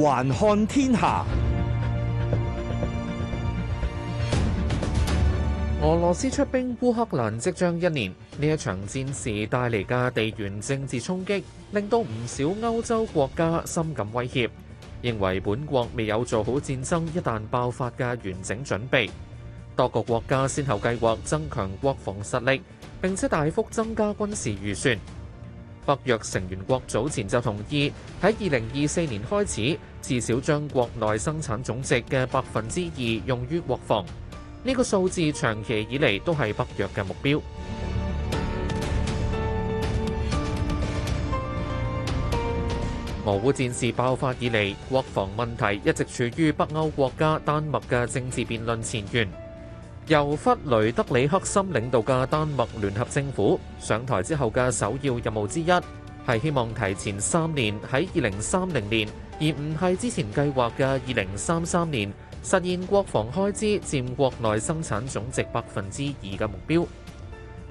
環看天下。俄羅斯出兵烏克蘭即將一年，呢一場戰事帶嚟嘅地緣政治衝擊，令到唔少歐洲國家深感威脅，認為本國未有做好戰爭一旦爆發嘅完整準備。多個國家先後計劃增強國防實力，並且大幅增加軍事預算。北約成員國早前就同意，喺二零二四年開始，至少將國內生產總值嘅百分之二用於國防。呢個數字長期以嚟都係北約嘅目標。俄烏 戰事爆發以嚟，國防問題一直處於北歐國家丹麥嘅政治辯論前緣。由弗雷德里克森領導嘅丹麥聯合政府上台之後嘅首要任務之一，係希望提前三年喺二零三零年，而唔係之前計劃嘅二零三三年，實現國防開支佔國內生產總值百分之二嘅目標。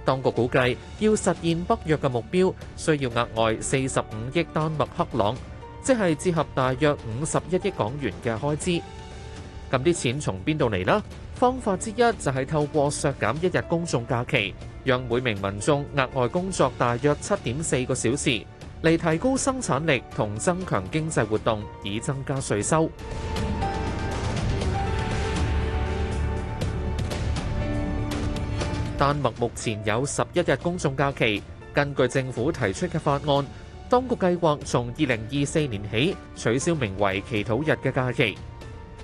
當局估計，要實現北約嘅目標，需要額外四十五億丹麥克朗，即係折合大約五十一億港元嘅開支。咁啲錢從邊度嚟呢？方法之一就係透過削減一日公眾假期，讓每名民眾額外工作大約七點四個小時，嚟提高生產力同增強經濟活動，以增加稅收。丹麥目前有十一日公眾假期，根據政府提出嘅法案，當局計劃從二零二四年起取消名為祈禱日嘅假期。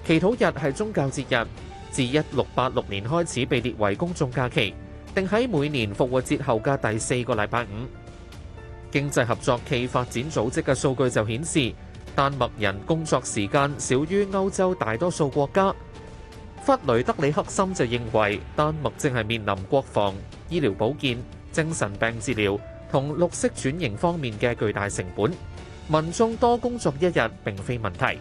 祈禱日係宗教節日，自一六八六年開始被列為公眾假期，定喺每年復活節後嘅第四個禮拜五。經濟合作暨發展組織嘅數據就顯示，丹麥人工作時間少於歐洲大多數國家。弗雷德里克森就認為，丹麥正係面臨國防、醫療保健、精神病治療同綠色轉型方面嘅巨大成本。民眾多工作一日，並非問題。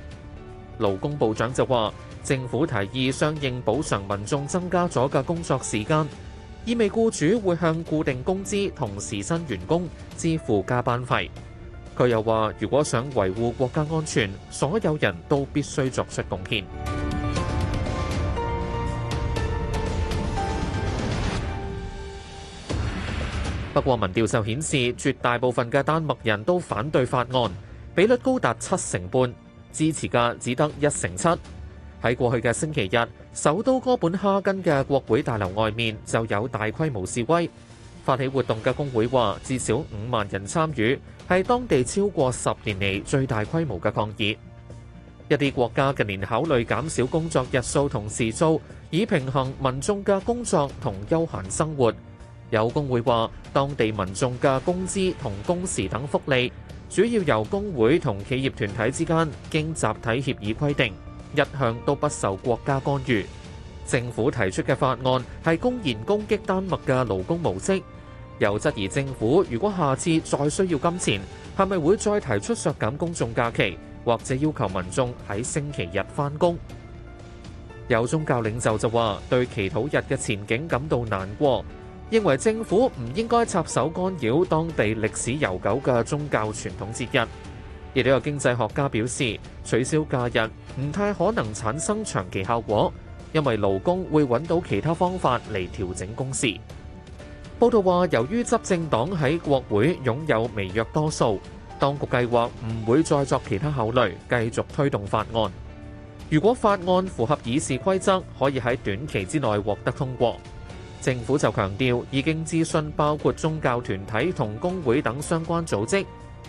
勞工部長就話，政府提議相應補償民眾增加咗嘅工作時間，意味僱主會向固定工資同時薪員工支付加班費。佢又話，如果想維護國家安全，所有人都必須作出貢獻。不過民調就顯示，絕大部分嘅丹麥人都反對法案，比率高達七成半。支持嘅只得一成七。喺過去嘅星期日，首都哥本哈根嘅國會大樓外面就有大規模示威。發起活動嘅工會話，至少五萬人參與，係當地超過十年嚟最大規模嘅抗議。一啲國家近年考慮減少工作日數同時數，以平衡民眾嘅工作同休閒生活。有工會話，當地民眾嘅工資同工時等福利，主要由工會同企業團體之間經集體協議規定，一向都不受國家干預。政府提出嘅法案係公然攻擊丹麥嘅勞工模式，又質疑政府如果下次再需要金錢，係咪會再提出削減公眾假期，或者要求民眾喺星期日返工？有宗教領袖就話，對祈禱日嘅前景感到難過。認為政府唔應該插手干擾當地歷史悠久嘅宗教傳統節日。亦都有經濟學家表示，取消假日唔太可能產生長期效果，因為勞工會揾到其他方法嚟調整工時。報道話，由於執政黨喺國會擁有微弱多數，當局計劃唔會再作其他考慮，繼續推動法案。如果法案符合議事規則，可以喺短期之內獲得通過。政府就強調，已經諮詢包括宗教團體同工會等相關組織，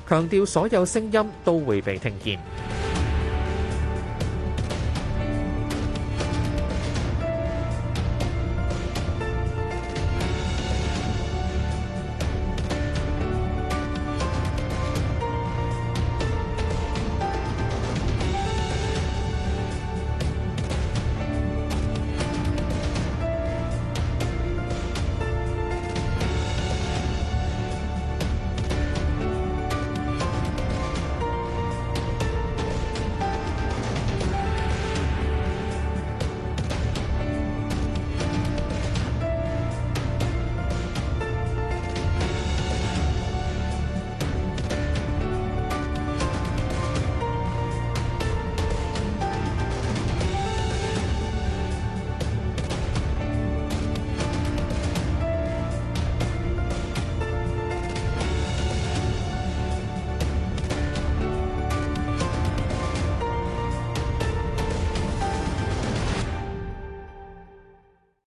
強調所有聲音都會被聽見。